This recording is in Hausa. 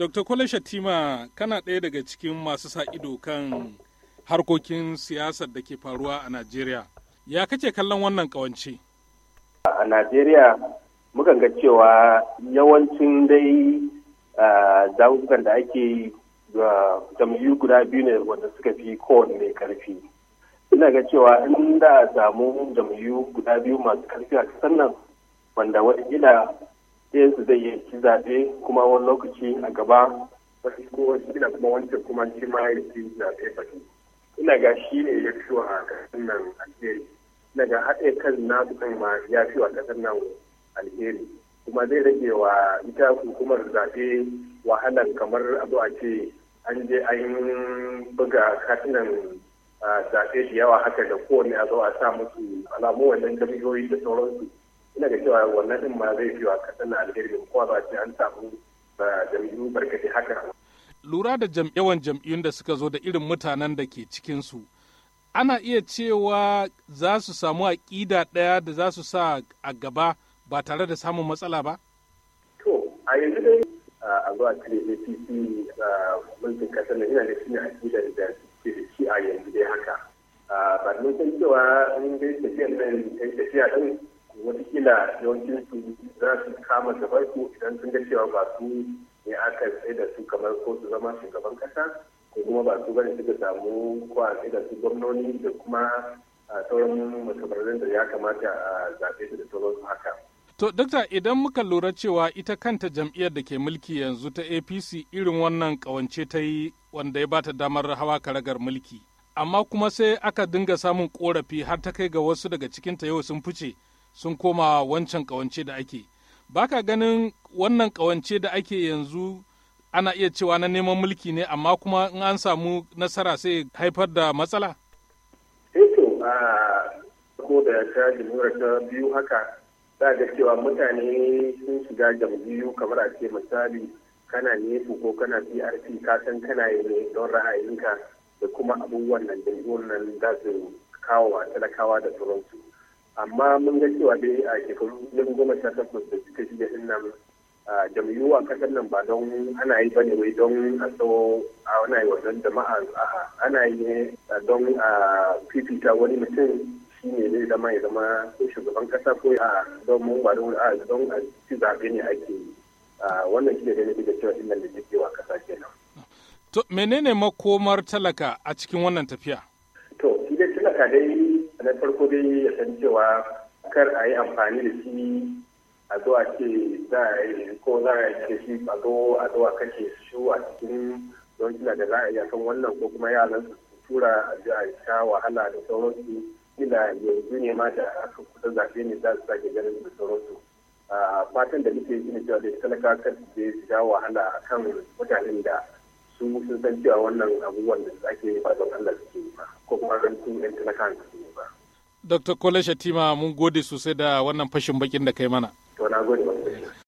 Dr. Kwale Shatima kana ɗaya daga cikin masu sa ido kan harkokin siyasar da ke faruwa a Najeriya. Ya kake kallon wannan kawance. A Najeriya mukan ga cewa yawancin dai zaɓuɓɓukan da ake yi jam'iyyu guda biyu ne wanda suka fi mai karfi. Ina ga cewa inda samu jam'iyyu guda biyu masu karfi a kasar nan wanda wata ɗayansu zai yi ci zaɓe kuma wani lokaci a gaba wasu ko wasu gina kuma wani kuma shi ma ya ci zaɓe ba ina ga shi ne ya fi wa ƙasar nan alheri ina ga haɗe kan na kan ma ya fi wa ƙasar nan alheri kuma zai rage wa ita hukumar zaɓe wahalar kamar abu a ce an je an buga katinan ah, zaɓe da yawa haka da kowane a zo a sa musu alamu wannan jami'oyi da sauransu ina da cewa wannan din ma zai fi wa kasar na alheri kuma ba ce an samu jam'iyyu barkati haka lura da yawan jam'iyyun da suka zo da irin mutanen da ke cikinsu ana iya cewa za su samu aƙida ɗaya da za su sa a gaba ba tare da samun matsala ba? To, a yanzu dai a zuwa kare APC mulkin kasar na ina da shi ne aƙidar da ke da shi a yanzu dai haka. Ba mun san cewa in dai tafiyar nan ta tafiya ɗin watakila yawancin su za su kama gaban su idan sun ga cewa ba su ne aka tsaye da su kamar ko su zama shugaban kasa ko kuma ba su bane suka samu ko a tsaye da su gwamnoni da kuma a sauran mutabarin da ya kamata a zaɓe su da sauran haka. To, Dokta, idan muka lura cewa ita kanta jam'iyyar da ke mulki yanzu ta APC irin wannan ƙawance ta yi wanda ya bata damar hawa karagar mulki. Amma kuma sai aka dinga samun ƙorafi har ta kai ga wasu daga cikinta yau sun fice. sun koma wancan kawance da ake baka ganin wannan kawance da ake yanzu ana iya cewa na neman mulki ne amma kuma in an samu nasara sai haifar da matsala? Eto eh a ko da ta jimurar ta biyu haka za ga cewa mutane sun shiga jam'iyyu kamar a ce misali kana nefu ko kana PRP ka san kana yi ne don ra'ayinka da kuma abubuwan nan da nan za su kawo a talakawa da sauransu. amma mun ga cewa dai a shekaru dubu goma sha takwas da suka shiga din nan jam'iyyu a kasar nan ba don ana yi ne wai don a so wani ayi wannan jama'a ana yi don a fifita wani mutum shi ne zai zama ya zama shugaban kasa ko a don mun ba don a don a ci zaɓe ne ake yi wannan shi ne da nake da cewa din nan da take wa kasa kenan. To menene makomar talaka a cikin wannan tafiya? To shi dai talaka dai na farko dai ya san cewa kar a yi amfani da shi a zo a ce za a yi ko za a yi shi a zo a zo a kashe su a cikin yawancin da za a yi kan wannan ko kuma yaran su tura a ji a sha wahala da sauransu ila yanzu ne ma da aka kusa zaɓe ne za su sake ganin da sauransu fatan da muke yi cewa da talaka kan je su sha wahala a kan mutanen da su sun san cewa wannan abubuwan da ake yi ba don Allah suke yi ba ko kuma ran su ɗan talaka su Dr. Kola Shatima mun gode sosai da wannan fashin bakin da kai mana. To gode